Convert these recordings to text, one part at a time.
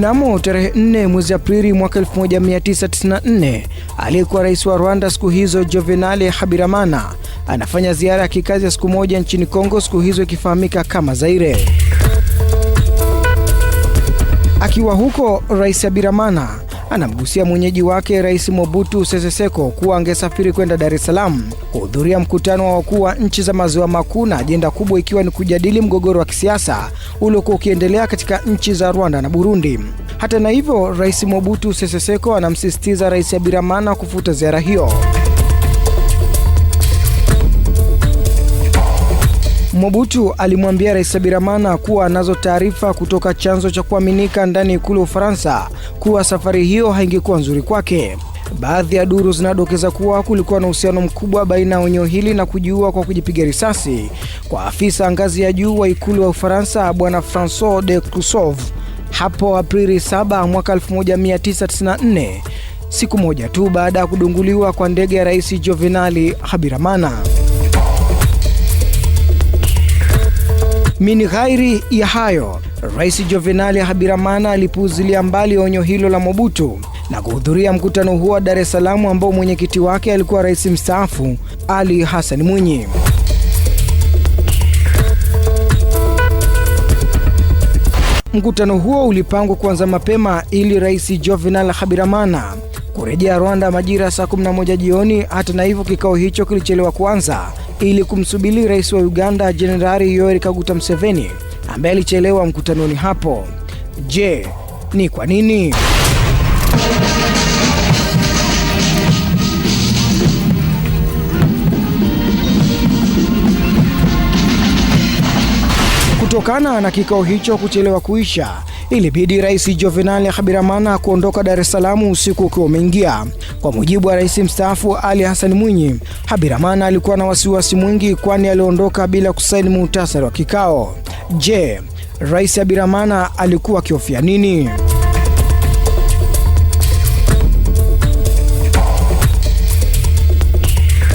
Mnamo tarehe 4 mwezi Aprili mwaka 1994, aliyekuwa rais wa Rwanda siku hizo Juvenal Habyarimana anafanya ziara ya kikazi ya siku moja nchini Kongo, siku hizo ikifahamika kama Zaire. Akiwa huko, Rais Habyarimana anamgusia mwenyeji wake Rais Mobutu Sese Seko kuwa angesafiri kwenda Dar es Salaam kuhudhuria mkutano wa wakuu wa nchi za maziwa makuu na ajenda kubwa ikiwa ni kujadili mgogoro wa kisiasa uliokuwa ukiendelea katika nchi za Rwanda na Burundi. Hata na hivyo, Rais Mobutu Sese Seko anamsisitiza Rais Abiramana kufuta ziara hiyo. Mobutu alimwambia Rais Biramana kuwa anazo taarifa kutoka chanzo cha kuaminika ndani ya ikulu ya Ufaransa kuwa safari hiyo haingekuwa nzuri kwake. Baadhi ya duru zinadokeza kuwa kulikuwa na uhusiano mkubwa baina ya onyo hili na kujiua kwa kujipiga risasi kwa afisa ngazi ya juu wa ikulu ya Ufaransa Bwana Francois de Clouseau hapo Aprili 7 mwaka 1994, siku moja tu baada ya kudunguliwa kwa ndege ya Rais Jovenali Habiramana. Min ghairi ya hayo, Rais jovenali habiramana alipuuzilia mbali onyo hilo la Mobutu na kuhudhuria mkutano huo wa Dar es Salaam ambao mwenyekiti wake alikuwa rais mstaafu Ali Hassan Mwinyi. Mkutano huo ulipangwa kuanza mapema ili Rais jovenal habiramana kurejea Rwanda majira ya saa 11 jioni. Hata na hivyo, kikao hicho kilichelewa kwanza ili kumsubiri rais wa Uganda Jenerali Yoweri Kaguta Museveni ambaye alichelewa mkutanoni hapo. Je, ni kwa nini? Kutokana na kikao hicho kuchelewa kuisha, ilibidi Rais Jovenali Habyarimana kuondoka Dar es Salaam usiku ukiwa umeingia. Kwa mujibu wa Rais mstaafu Ali Hassan Mwinyi, Habyarimana alikuwa na wasiwasi mwingi, kwani aliondoka bila kusaini muhtasari wa kikao. Je, Rais Habyarimana alikuwa akihofia nini?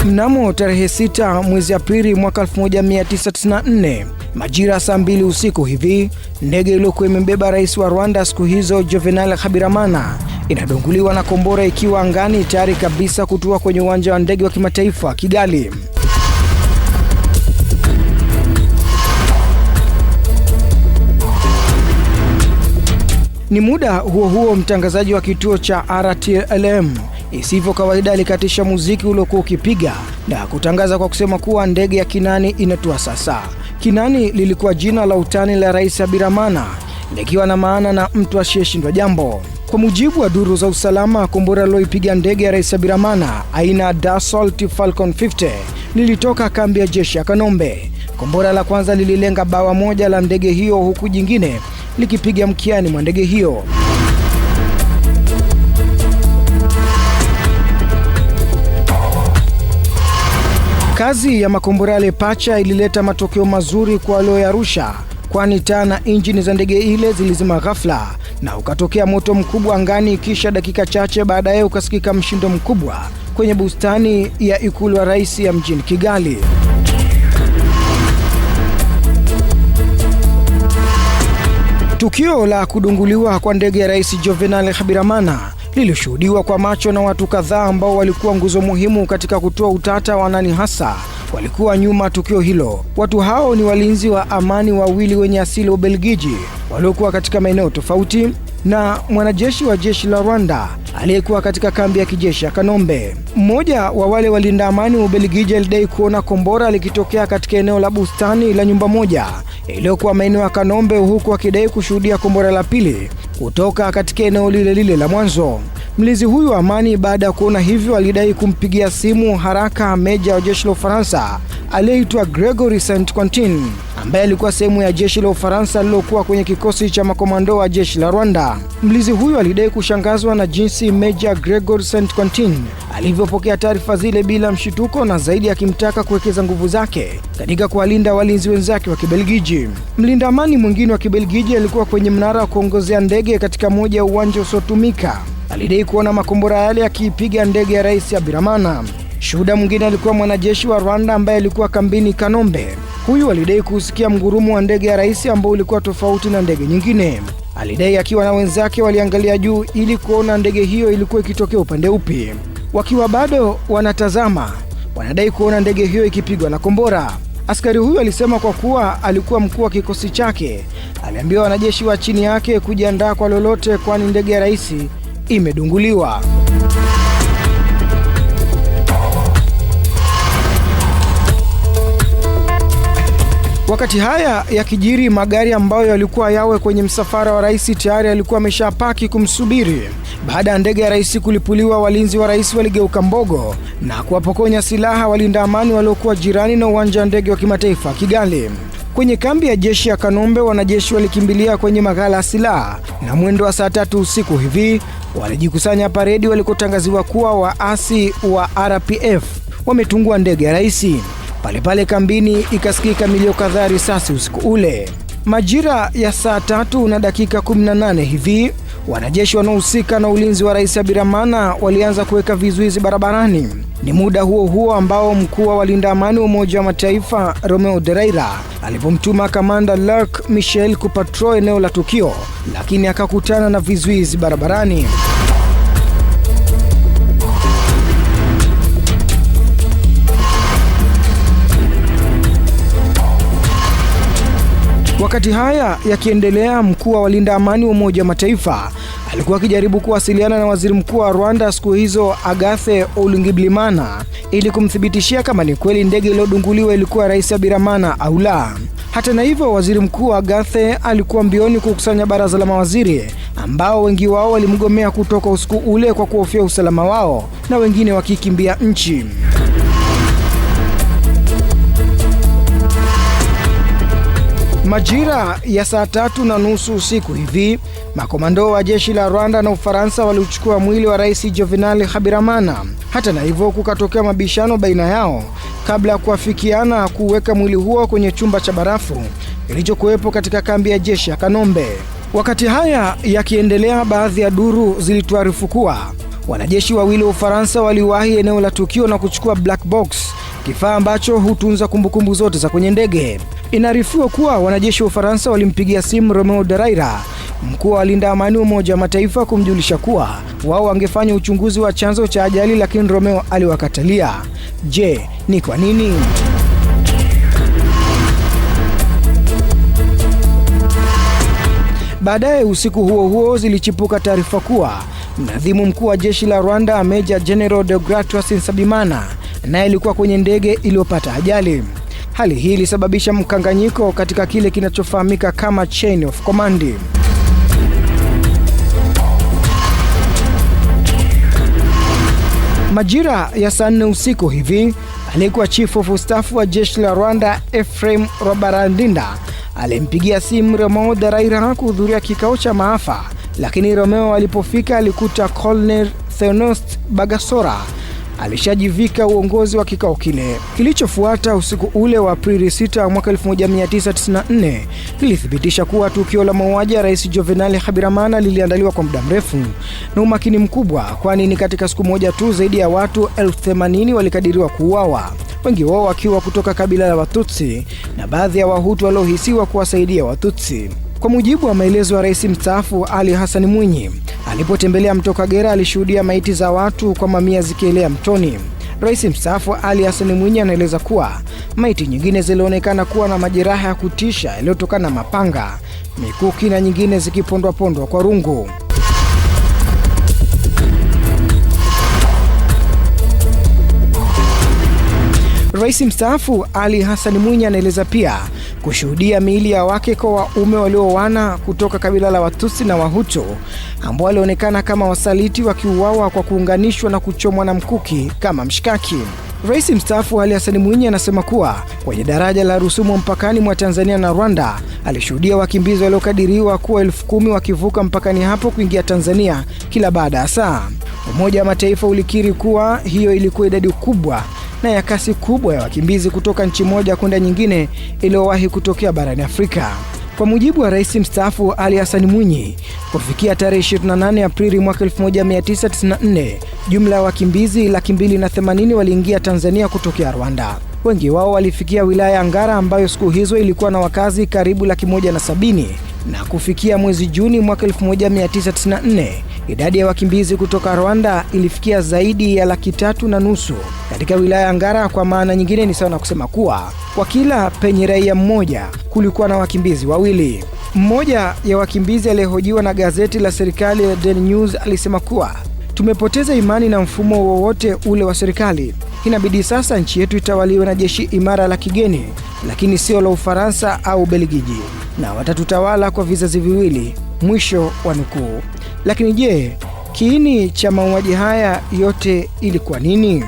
Mnamo tarehe 6 mwezi Aprili mwaka 1994 Majira saa mbili usiku hivi ndege iliyokuwa imembeba rais wa Rwanda siku hizo Juvenal Habyarimana inadunguliwa na kombora ikiwa angani tayari kabisa kutua kwenye uwanja wa ndege wa kimataifa Kigali. Ni muda huo huo, mtangazaji wa kituo cha RTLM isivyo kawaida alikatisha muziki uliokuwa ukipiga na kutangaza kwa kusema kuwa ndege ya Kinani inatua sasa. Kinani lilikuwa jina la utani la Rais Abiramana likiwa na maana na mtu asiyeshindwa jambo. Kwa mujibu wa duru za usalama, kombora liloipiga ndege ya Rais Abiramana aina ya Dassault Falcon 50 lilitoka kambi ya jeshi ya Kanombe. Kombora la kwanza lililenga bawa moja la ndege hiyo, huku jingine likipiga mkiani mwa ndege hiyo. Kazi ya makombora yale pacha ilileta matokeo mazuri kwa walioyarusha, kwani taa na injini za ndege ile zilizima ghafla na ukatokea moto mkubwa angani, kisha dakika chache baadaye ukasikika mshindo mkubwa kwenye bustani ya ikulu ya rais ya mjini Kigali. Tukio la kudunguliwa kwa ndege ya Rais Juvenal Habyarimana lilishuhudiwa kwa macho na watu kadhaa ambao walikuwa nguzo muhimu katika kutoa utata wa nani hasa walikuwa nyuma tukio hilo. Watu hao ni walinzi wa amani wawili wenye asili wa Ubelgiji waliokuwa katika maeneo tofauti na mwanajeshi wa jeshi la Rwanda aliyekuwa katika kambi ya kijeshi ya Kanombe. Mmoja wa wale walinda amani wa Ubelgiji alidai kuona kombora likitokea katika eneo la bustani la nyumba moja iliyokuwa maeneo ya Kanombe, huku akidai kushuhudia kombora la pili kutoka katika eneo lile lile la mwanzo. Mlinzi huyu wa amani, baada ya kuona hivyo, alidai kumpigia simu haraka meja wa jeshi la Ufaransa aliyeitwa Gregory Saint Quentin ambaye alikuwa sehemu ya jeshi la Ufaransa alilokuwa kwenye kikosi cha makomando wa jeshi la Rwanda. Mlizi huyo alidai kushangazwa na jinsi Meja Gregor St Quentin alivyopokea taarifa zile bila mshituko, na zaidi akimtaka kuwekeza nguvu zake katika kuwalinda walinzi wenzake wa Kibelgiji. Mlinda amani mwingine wa Kibelgiji alikuwa kwenye mnara wa kuongozea ndege katika moja ya uwanja usiotumika. Alidai kuona makombora yale akiipiga ndege ya Rais Abiramana. Shuhuda mwingine alikuwa mwanajeshi wa Rwanda ambaye alikuwa kambini Kanombe. Huyu alidai kusikia mgurumo wa ndege ya rais ambao ulikuwa tofauti na ndege nyingine. Alidai akiwa na wenzake waliangalia juu ili kuona ndege hiyo ilikuwa ikitokea upande upi. Wakiwa bado wanatazama, wanadai kuona ndege hiyo ikipigwa na kombora. Askari huyu alisema kwa kuwa alikuwa mkuu wa kikosi chake, aliambiwa wanajeshi wa chini yake kujiandaa kwa lolote, kwani ndege ya rais imedunguliwa. Wakati haya yakijiri, magari ambayo yalikuwa yawe kwenye msafara wa rais tayari yalikuwa ameshapaki kumsubiri. Baada ya ndege ya rais kulipuliwa, walinzi wa rais waligeuka mbogo na kuwapokonya silaha walinda amani waliokuwa jirani na uwanja wa ndege wa kimataifa Kigali. Kwenye kambi ya jeshi ya Kanombe, wanajeshi walikimbilia kwenye maghala ya silaha na mwendo wa saa tatu usiku hivi walijikusanya paredi walikotangaziwa kuwa waasi wa RPF wametungua ndege ya rais. Palepale pale kambini ikasikika milio kadhaa risasi usiku ule. Majira ya saa tatu na dakika 18 hivi wanajeshi wanaohusika na ulinzi wa Rais Abiramana walianza kuweka vizuizi barabarani. Ni muda huo huo ambao mkuu wa walinda amani wa Umoja wa Mataifa Romeo Dereira alipomtuma kamanda Luc Michel kupatro eneo la tukio, lakini akakutana na vizuizi barabarani. Wakati haya yakiendelea, mkuu wa walinda amani wa Umoja wa Mataifa alikuwa akijaribu kuwasiliana na waziri mkuu wa Rwanda siku hizo Agathe Uwilingiyimana ili kumthibitishia kama ni kweli ndege iliyodunguliwa ilikuwa Rais Habyarimana au la. Hata na hivyo, waziri mkuu Agathe alikuwa mbioni kukusanya baraza la mawaziri ambao wengi wao walimgomea kutoka usiku ule kwa kuhofia usalama wao na wengine wakikimbia nchi. Majira ya saa tatu na nusu usiku hivi makomando wa jeshi la Rwanda na Ufaransa waliuchukua mwili wa Rais Juvenal Habyarimana. Hata na hivyo, kukatokea mabishano baina yao kabla ya kuafikiana kuweka mwili huo kwenye chumba cha barafu kilichokuwepo katika kambi ya jeshi ya Kanombe. Wakati haya yakiendelea, baadhi ya duru zilituarifu kuwa wanajeshi wawili wa Ufaransa waliwahi eneo la tukio na kuchukua black box kifaa ambacho hutunza kumbukumbu zote za kwenye ndege. Inaarifiwa kuwa wanajeshi wa Ufaransa walimpigia simu Romeo Dallaire, mkuu wa walinda amani Umoja wa Mataifa, kumjulisha kuwa wao wangefanya uchunguzi wa chanzo cha ajali, lakini Romeo aliwakatalia. Je, ni kwa nini? Baadaye usiku huo huo zilichipuka taarifa kuwa mnadhimu mkuu wa jeshi la Rwanda Meja Jenerali Deogratias Nsabimana naye alikuwa kwenye ndege iliyopata ajali. Hali hii ilisababisha mkanganyiko katika kile kinachofahamika kama chain of command. Majira ya saa nne usiku hivi, aliyekuwa chifu of staff wa jeshi la Rwanda Ephraim Robarandinda alimpigia simu Romeo Daraira kuhudhuria kikao cha maafa, lakini Romeo alipofika alikuta Colonel Theonost Bagasora alishajivika uongozi wa kikao kile. Kilichofuata usiku ule wa Aprili 6 mwaka 1994 lilithibitisha kuwa tukio la mauaji ya Rais Juvenal Habyarimana liliandaliwa kwa muda mrefu na umakini mkubwa, kwani ni katika siku moja tu zaidi ya watu elfu 80 walikadiriwa kuuawa, wengi wao wakiwa kutoka kabila la Watutsi na baadhi ya Wahutu waliohisiwa kuwasaidia Watutsi. Kwa mujibu wa maelezo ya rais mstaafu Ali Hassan Mwinyi alipotembelea mto Kagera, alishuhudia maiti za watu kwa mamia zikielea mtoni. Rais mstaafu Ali Hassan Mwinyi anaeleza kuwa maiti nyingine zilionekana kuwa na majeraha ya kutisha yaliyotokana na mapanga, mikuki na nyingine zikipondwapondwa kwa rungu. Rais mstaafu Ali Hassan Mwinyi anaeleza pia kushuhudia miili ya wake kwa waume waliowana kutoka kabila la Watusi na Wahutu ambao walionekana kama wasaliti wakiuawa kwa kuunganishwa na kuchomwa na mkuki kama mshikaki. Rais mstaafu Ali Hassan Mwinyi anasema kuwa kwenye daraja la Rusumo mpakani mwa Tanzania na Rwanda alishuhudia wakimbizi waliokadiriwa kuwa elfu kumi wakivuka mpakani hapo kuingia Tanzania kila baada ya saa. Umoja wa Mataifa ulikiri kuwa hiyo ilikuwa idadi kubwa na ya kasi kubwa ya wakimbizi kutoka nchi moja kwenda nyingine iliyowahi kutokea barani Afrika. Kwa mujibu wa rais mstaafu Ali Hassan Mwinyi, kufikia tarehe 28 Aprili mwaka 1994 jumla ya wakimbizi laki mbili na themanini waliingia Tanzania kutokea Rwanda. Wengi wao walifikia wilaya ya Ngara ambayo siku hizo ilikuwa na wakazi karibu laki moja na sabini na kufikia mwezi Juni mwaka 1994 idadi ya wakimbizi kutoka Rwanda ilifikia zaidi ya laki tatu na nusu katika wilaya ya Ngara. Kwa maana nyingine, ni sawa na kusema kuwa kwa kila penye raia mmoja kulikuwa na wakimbizi wawili. Mmoja ya wakimbizi aliyehojiwa na gazeti la serikali la Daily News alisema kuwa Tumepoteza imani na mfumo wowote ule wa serikali. Inabidi sasa nchi yetu itawaliwe na jeshi imara la kigeni, lakini sio la Ufaransa au Belgiji, na watatutawala kwa vizazi viwili. Mwisho wa nukuu. Lakini je, kiini cha mauaji haya yote ilikuwa nini?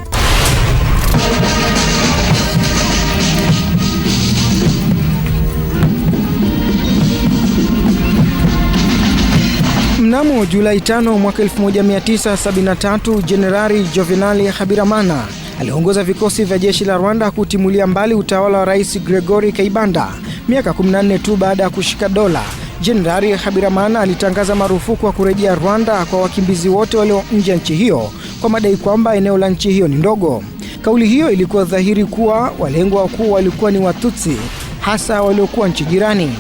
Mnamo Julai 5 mwaka 1973, Jenerali jovenali habiramana aliongoza vikosi vya jeshi la Rwanda kutimulia mbali utawala wa Rais Gregory kaibanda Miaka 14 tu baada ya kushika dola, Jenerali habiramana alitangaza marufuku wa kurejea Rwanda kwa wakimbizi wote walio nje ya nchi hiyo kwa madai kwamba eneo la nchi hiyo ni ndogo. Kauli hiyo ilikuwa dhahiri kuwa walengwa wakuu walikuwa ni Watutsi, hasa waliokuwa nchi jirani.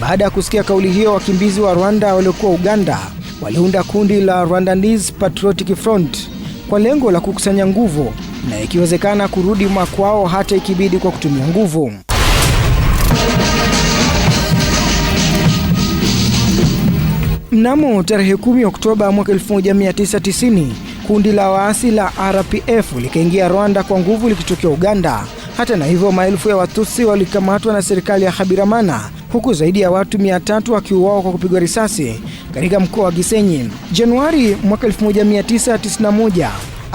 Baada ya kusikia kauli hiyo, wakimbizi wa Rwanda waliokuwa Uganda waliunda kundi la Rwandanese Patriotic Front kwa lengo la kukusanya nguvu na ikiwezekana kurudi makwao hata ikibidi kwa kutumia nguvu. Mnamo tarehe 10 Oktoba mwaka 1990 kundi la waasi la RPF likaingia Rwanda kwa nguvu likitokea Uganda. Hata na hivyo, maelfu ya Watusi walikamatwa na serikali ya Habiramana huku zaidi ya watu 300 wakiuawa kwa kupigwa risasi katika mkoa wa Gisenyi. Januari mwaka 1991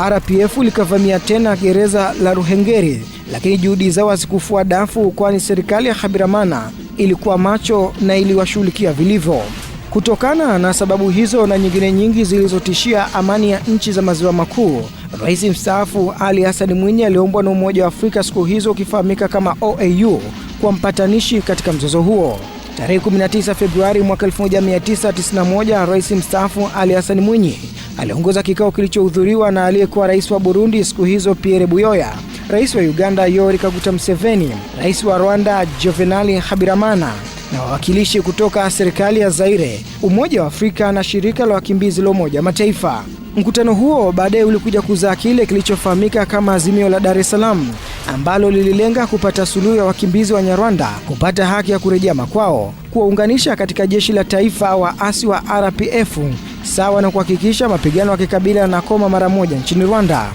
RPF likavamia tena gereza la Ruhengeri, lakini juhudi zao hazikufua dafu, kwani serikali ya habiramana ilikuwa macho na iliwashughulikia vilivyo. Kutokana na sababu hizo na nyingine nyingi zilizotishia amani ya nchi za maziwa makuu, rais mstaafu Ali Hassan Mwinyi aliombwa na Umoja wa Afrika siku hizo ukifahamika kama OAU kuwa mpatanishi katika mzozo huo. Tarehe 19 Februari mwaka 1991 rais mstaafu Ali Hassan Mwinyi aliongoza kikao kilichohudhuriwa na aliyekuwa rais wa Burundi siku hizo Pierre Buyoya, rais wa Uganda Yoweri Kaguta Museveni, rais wa Rwanda Juvenali Habyarimana na wawakilishi kutoka serikali ya Zaire, Umoja wa Afrika na shirika la wakimbizi la Umoja Mataifa. Mkutano huo baadaye ulikuja kuzaa kile kilichofahamika kama Azimio la Dar es Salaam ambalo lililenga kupata suluhu ya wakimbizi wa Nyarwanda kupata haki ya kurejea makwao, kuwaunganisha katika jeshi la taifa waasi wa RPF sawa na kuhakikisha mapigano ya kikabila yanakoma mara moja nchini Rwanda.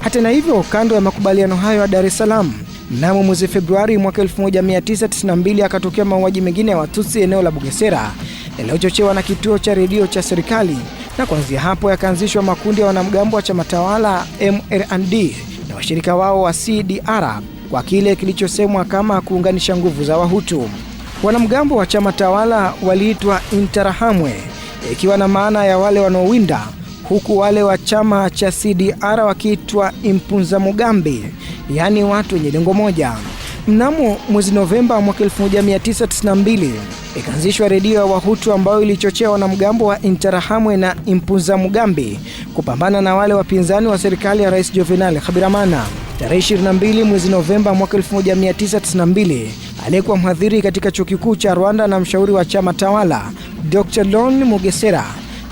Hata na hivyo, kando ya makubaliano hayo ya Dar es Salaam, mnamo mwezi Februari mwaka 1992 akatokea mauaji mengine ya Watutsi eneo la Bugesera yaliyochochewa na kituo cha redio cha serikali, na kuanzia hapo yakaanzishwa makundi ya wanamgambo wa chama tawala MRND washirika wao wa CDR kwa kile kilichosemwa kama kuunganisha nguvu za Wahutu. Wanamgambo wa chama tawala waliitwa Interahamwe, ikiwa na maana ya wale wanaowinda, huku wale wa chama cha CDR wakiitwa Impunza Mugambi, yaani watu wenye lengo moja. Mnamo mwezi Novemba mwaka 1992 ikaanzishwa redio ya Wahutu ambayo ilichochea wanamgambo wa Interahamwe na Impuza Mugambi kupambana na wale wapinzani wa serikali ya Rais Juvenal Habyarimana. Tarehe 22 mwezi Novemba mwaka 1992 aliyekuwa mhadhiri katika chuo kikuu cha Rwanda na mshauri wa chama tawala Dr. Lon Mugesera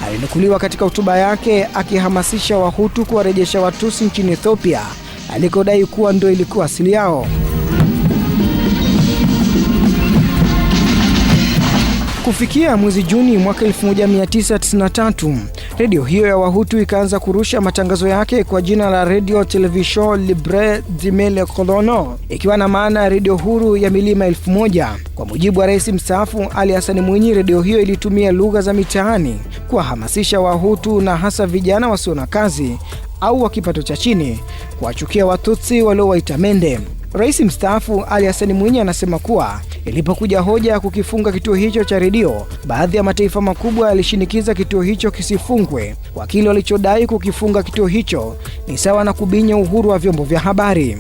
alinukuliwa katika hotuba yake akihamasisha Wahutu kuwarejesha Watusi nchini Ethiopia alikodai kuwa ndio ilikuwa asili yao. Kufikia mwezi Juni mwaka 1993, redio hiyo ya Wahutu ikaanza kurusha matangazo yake kwa jina la Radio Television Libre Dimele Colono, ikiwa na maana ya redio huru ya milima elfu moja. Kwa mujibu wa rais mstaafu Ali Hassan Mwinyi, redio hiyo ilitumia lugha za mitaani kuwahamasisha Wahutu na hasa vijana wasio na kazi au wa kipato cha chini kuwachukia Watutsi waliowaita mende. Rais mstaafu Ali Hassan Mwinyi anasema kuwa ilipokuja hoja ya kukifunga kituo hicho cha redio, baadhi ya mataifa makubwa yalishinikiza kituo hicho kisifungwe kwa kile walichodai kukifunga kituo hicho ni sawa na kubinya uhuru wa vyombo vya habari.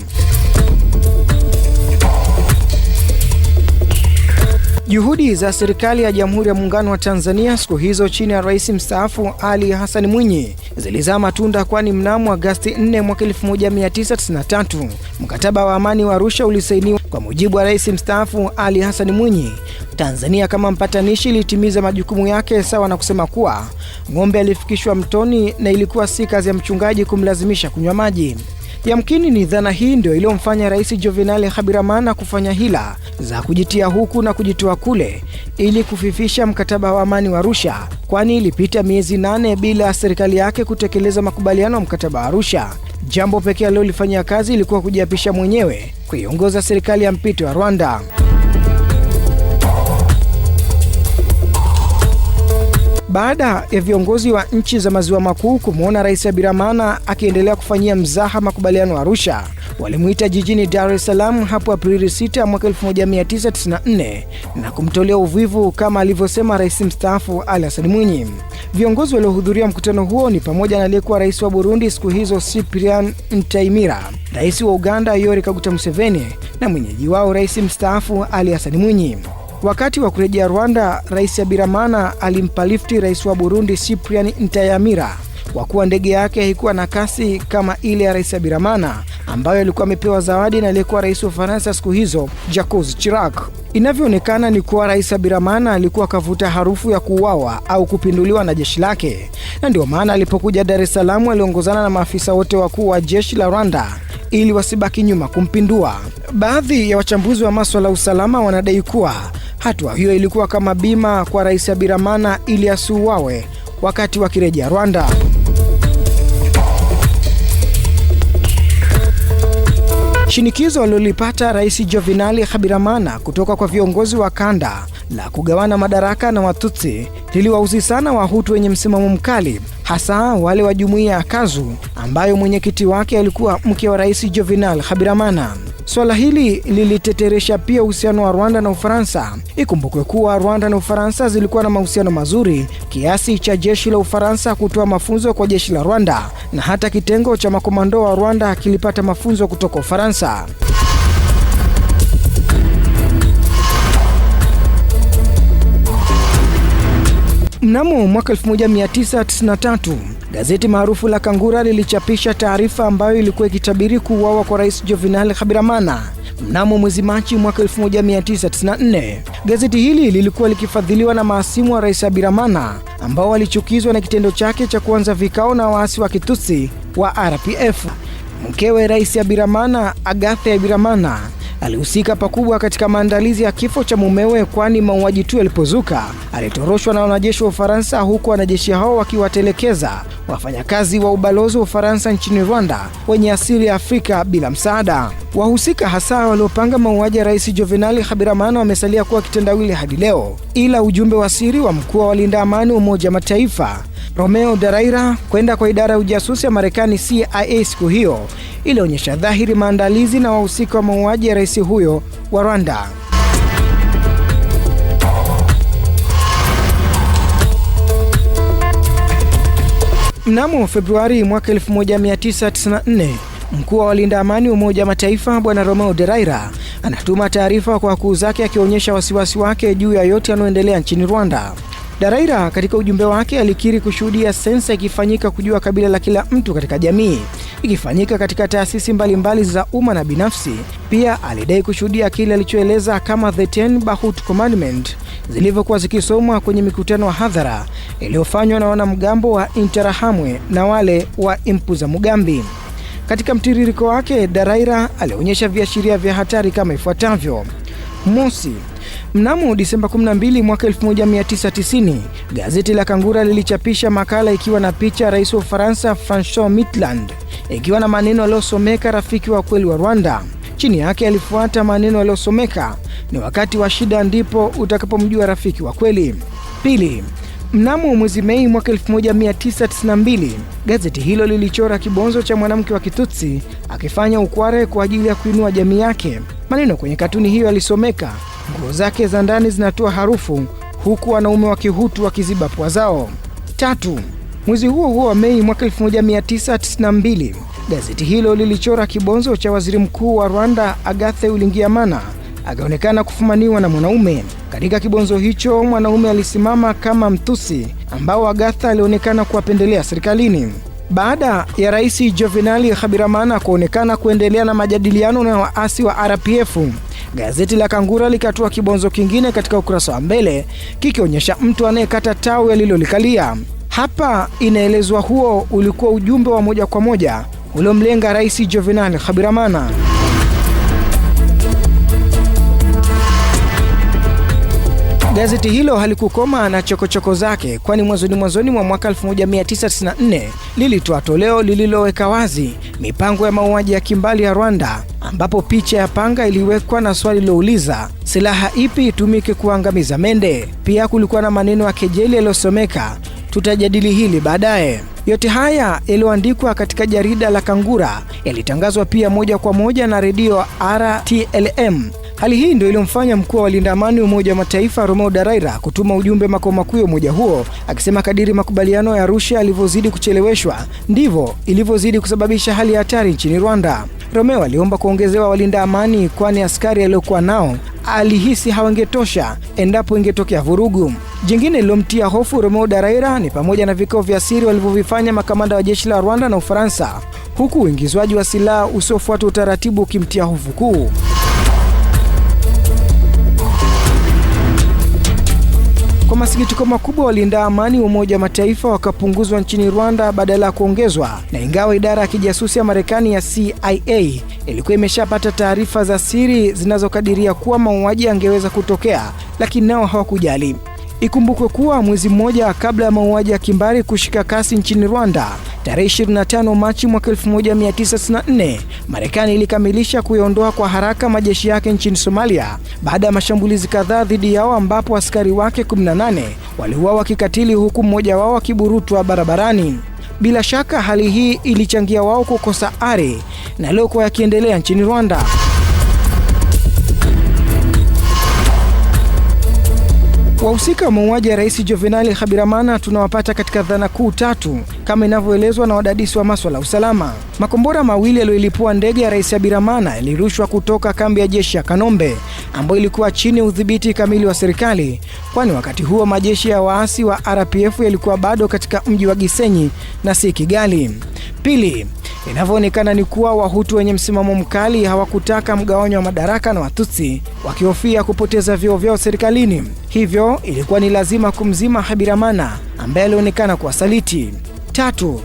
Juhudi za serikali ya Jamhuri ya Muungano wa Tanzania siku hizo chini ya rais mstaafu Ali Hassan Mwinyi zilizaa matunda, kwani mnamo Agasti 4 mwaka 1993 mkataba wa amani wa Arusha ulisainiwa. Kwa mujibu wa rais mstaafu Ali Hassan Mwinyi, Tanzania kama mpatanishi ilitimiza majukumu yake sawa na kusema kuwa ng'ombe alifikishwa mtoni na ilikuwa si kazi ya mchungaji kumlazimisha kunywa maji. Yamkini ni dhana hii ndio iliyomfanya Rais Juvenal Habyarimana kufanya hila za kujitia huku na kujitoa kule ili kufifisha mkataba wa amani wa Arusha, kwani ilipita miezi nane bila serikali yake kutekeleza makubaliano ya mkataba wa Arusha. Jambo pekee alilolifanyia kazi ilikuwa kujiapisha mwenyewe kuiongoza serikali ya mpito ya Rwanda. baada ya viongozi wa nchi za maziwa makuu kumwona Rais Habyarimana akiendelea kufanyia mzaha makubaliano Arusha, walimwita jijini Dar es Salaam hapo Aprili 6 mwaka 1994 na kumtolea uvivu kama alivyosema rais mstaafu Ali Hassan Mwinyi. Viongozi waliohudhuria mkutano huo ni pamoja na aliyekuwa rais wa Burundi siku hizo Cyprian Ntaimira, rais wa Uganda Yoweri Kaguta Museveni na mwenyeji wao rais mstaafu Ali Hassan Mwinyi. Wakati wa kurejea Rwanda, Rais Abiramana alimpa lifti Rais wa Burundi Cyprien Ntaryamira kwa kuwa ndege yake haikuwa na kasi kama ile ya Rais Abiramana ambayo alikuwa amepewa zawadi na aliyekuwa rais wa Ufaransa siku hizo Jacques Chirac. Inavyoonekana ni kuwa Rais Abiramana alikuwa akavuta harufu ya kuuawa au kupinduliwa na jeshi lake, na ndio maana alipokuja Dar es Salaam aliongozana na maafisa wote wakuu wa jeshi la Rwanda ili wasibaki nyuma kumpindua. Baadhi ya wachambuzi wa maswala ya usalama wanadai kuwa hatua hiyo ilikuwa kama bima kwa Rais Abiramana ili asiuawe wakati wakirejea Rwanda. Shinikizo alilolipata Rais Jovinali habiramana kutoka kwa viongozi wa kanda la kugawana madaraka na Watutsi liliwauzi sana Wahutu wenye msimamo mkali, hasa wale wa jumuiya ya Kazu ambayo mwenyekiti wake alikuwa mke wa Rais Jovenal habiramana Swala hili liliteteresha pia uhusiano wa Rwanda na Ufaransa. Ikumbukwe kuwa Rwanda na Ufaransa zilikuwa na mahusiano mazuri kiasi cha jeshi la Ufaransa kutoa mafunzo kwa jeshi la Rwanda, na hata kitengo cha makomando wa Rwanda kilipata mafunzo kutoka Ufaransa. Mnamo mwaka 1993 gazeti maarufu la Kangura lilichapisha taarifa ambayo ilikuwa ikitabiri kuuawa kwa Rais Juvenal Habyarimana mnamo mwezi Machi mwaka 1994. Gazeti hili lilikuwa likifadhiliwa na maasimu wa Rais Habyarimana ambao walichukizwa na kitendo chake cha kuanza vikao na waasi wa Kitutsi wa RPF. Mkewe Rais Habyarimana, Agathe Habyarimana alihusika pakubwa katika maandalizi ya kifo cha mumewe, kwani mauaji tu yalipozuka alitoroshwa na wanajeshi wa Ufaransa, huku wanajeshi hao wakiwatelekeza wafanyakazi wa ubalozi wa Ufaransa nchini Rwanda wenye asili ya Afrika bila msaada. Wahusika hasa waliopanga mauaji ya Rais Jovenali Habyarimana wamesalia kuwa kitendawili hadi leo, ila ujumbe wa siri wa mkuu wa walinda amani wa Umoja Mataifa Romeo Daraira kwenda kwa idara ya ujasusi ya Marekani CIA siku hiyo ilionyesha dhahiri maandalizi na wahusika wa mauaji ya rais huyo wa Rwanda. Mnamo Februari mwaka 1994 mkuu wa walinda amani Umoja wa Mataifa Bwana Romeo Deraira anatuma taarifa kwa wakuu zake akionyesha wasiwasi wake juu ya yote yanayoendelea nchini Rwanda. Daraira katika ujumbe wake alikiri kushuhudia sensa ikifanyika kujua kabila la kila mtu katika jamii ikifanyika katika taasisi mbalimbali za umma na binafsi. Pia alidai kushuhudia kile alichoeleza kama the ten Bahut commandment zilivyokuwa zikisomwa kwenye mikutano wa hadhara iliyofanywa na wanamgambo wa Interahamwe na wale wa Impuza Mugambi. Katika mtiririko wake, Daraira alionyesha viashiria vya hatari kama ifuatavyo: mosi, Mnamo Disemba 12 mwaka 1990, gazeti la Kangura lilichapisha makala ikiwa na picha rais wa Ufaransa Francois Mitterrand ikiwa na maneno yaliyosomeka rafiki wa kweli wa Rwanda. Chini yake alifuata maneno yaliyosomeka ni wakati wa shida ndipo utakapomjua rafiki wa kweli. Pili, mnamo mwezi Mei mwaka 1992 gazeti hilo lilichora kibonzo cha mwanamke wa Kitutsi akifanya ukware kwa ajili ya kuinua jamii yake. Maneno kwenye katuni hiyo yalisomeka Nguo zake za ndani zinatoa harufu huku wanaume wa Kihutu wakiziba pua zao. Tatu, mwezi huo huo wa Mei mwaka 1992 gazeti hilo lilichora kibonzo cha waziri mkuu wa Rwanda Agathe Ulingiamana akaonekana kufumaniwa na mwanaume. Katika kibonzo hicho mwanaume alisimama kama mtusi ambao Agatha alionekana kuwapendelea serikalini. Baada ya Rais Jovenali Habyarimana kuonekana kuendelea na majadiliano na waasi wa RPF, Gazeti la Kangura likatoa kibonzo kingine katika ukurasa wa mbele kikionyesha mtu anayekata tawi alilolikalia. Hapa inaelezwa huo ulikuwa ujumbe wa moja kwa moja uliomlenga Rais Juvenal Habyarimana. Gazeti hilo halikukoma na chokochoko zake, kwani mwanzoni mwanzoni mwa mwaka 1994 lilitoa toleo lililoweka wazi mipango ya mauaji ya kimbali ya Rwanda, ambapo picha ya panga iliwekwa na swali lilouliza silaha ipi itumike kuangamiza mende. Pia kulikuwa na maneno ya kejeli yaliyosomeka tutajadili hili baadaye. Yote haya yaliyoandikwa katika jarida la Kangura yalitangazwa pia moja kwa moja na redio RTLM Hali hii ndio iliyomfanya mkuu wa walinda amani Umoja wa Mataifa Romeo Daraira kutuma ujumbe makao makuu ya umoja huo akisema kadiri makubaliano ya Arusha yalivyozidi kucheleweshwa ndivyo ilivyozidi kusababisha hali ya hatari nchini Rwanda. Romeo aliomba kuongezewa walinda amani, kwani askari aliyokuwa nao alihisi hawangetosha endapo ingetokea vurugu. Jingine lilomtia hofu Romeo Daraira ni pamoja na vikao vya siri walivyovifanya makamanda wa jeshi la Rwanda na Ufaransa, huku uingizwaji wa silaha usiofuata utaratibu ukimtia hofu kuu. Kwa masikitiko makubwa, walinda amani wa Umoja wa Mataifa wakapunguzwa nchini Rwanda badala ya kuongezwa. Na ingawa idara ya kijasusi ya Marekani ya CIA ilikuwa imeshapata taarifa za siri zinazokadiria kuwa mauaji yangeweza kutokea, lakini nao hawakujali. Ikumbukwe kuwa mwezi mmoja kabla ya mauaji ya kimbari kushika kasi nchini Rwanda, tarehe 25 Machi mwaka 1994, Marekani ilikamilisha kuyaondoa kwa haraka majeshi yake nchini Somalia baada ya mashambulizi kadhaa dhidi yao ambapo askari wake 18 waliuawa kikatili huku mmoja wao akiburutwa barabarani. Bila shaka hali hii ilichangia wao kukosa ari na leo kwa yakiendelea nchini Rwanda. Wahusika wa mauaji ya Rais Juvenal Habyarimana tunawapata katika dhana kuu tatu kama inavyoelezwa na wadadisi wa maswala ya usalama. Makombora mawili yaliyolipua ndege ya Rais Habyarimana yalirushwa kutoka kambi ya jeshi ya Kanombe ambayo ilikuwa chini ya udhibiti kamili wa serikali, kwani wakati huo majeshi ya waasi wa RPF yalikuwa bado katika mji wa Gisenyi na si Kigali. Pili, Inavyoonekana ni kuwa Wahutu wenye msimamo mkali hawakutaka mgawanyo wa madaraka na Watutsi, wakihofia kupoteza vyeo vyao serikalini. Hivyo ilikuwa ni lazima kumzima Habiramana ambaye alionekana kuwasaliti. Tatu,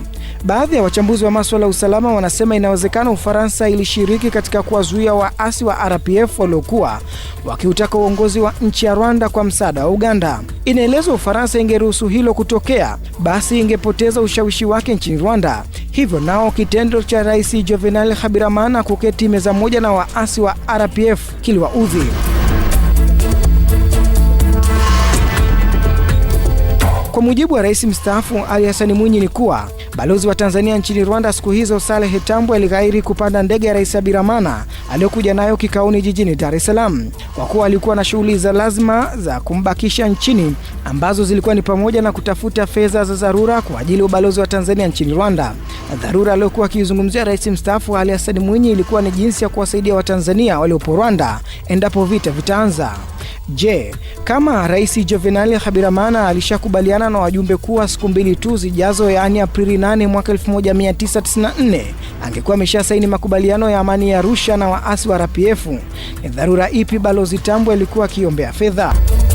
Baadhi ya wachambuzi wa maswala ya usalama wanasema inawezekana Ufaransa ilishiriki katika kuwazuia waasi wa RPF waliokuwa wakiutaka uongozi wa nchi ya Rwanda kwa msaada wa Uganda. Inaelezwa Ufaransa ingeruhusu hilo kutokea, basi ingepoteza ushawishi wake nchini Rwanda. Hivyo nao kitendo cha Rais Juvenal Habiramana kuketi meza moja na waasi wa RPF kiliwaudhi. Kwa mujibu wa rais mstaafu Ali Hassan Mwinyi ni kuwa Balozi wa Tanzania nchini Rwanda siku hizo Saleh Tambwe alighairi kupanda ndege ya Rais Abiramana aliyokuja nayo kikaoni jijini Dar es Salaam kwa kuwa alikuwa na shughuli za lazima za kumbakisha nchini ambazo zilikuwa ni pamoja na kutafuta fedha za dharura kwa ajili ya ubalozi wa Tanzania nchini Rwanda. Dharura aliyokuwa akiizungumzia rais mstaafu Ali Hassan Mwinyi ilikuwa ni jinsi ya kuwasaidia Watanzania waliopo Rwanda endapo vita vitaanza. Je, kama Rais Juvenal Habyarimana alishakubaliana na wajumbe kuwa siku mbili tu zijazo, yaani Aprili 8 mwaka 1994 angekuwa ameshasaini makubaliano ya amani ya Arusha na waasi wa RPF, ni dharura ipi Balozi Tambwe alikuwa akiombea fedha?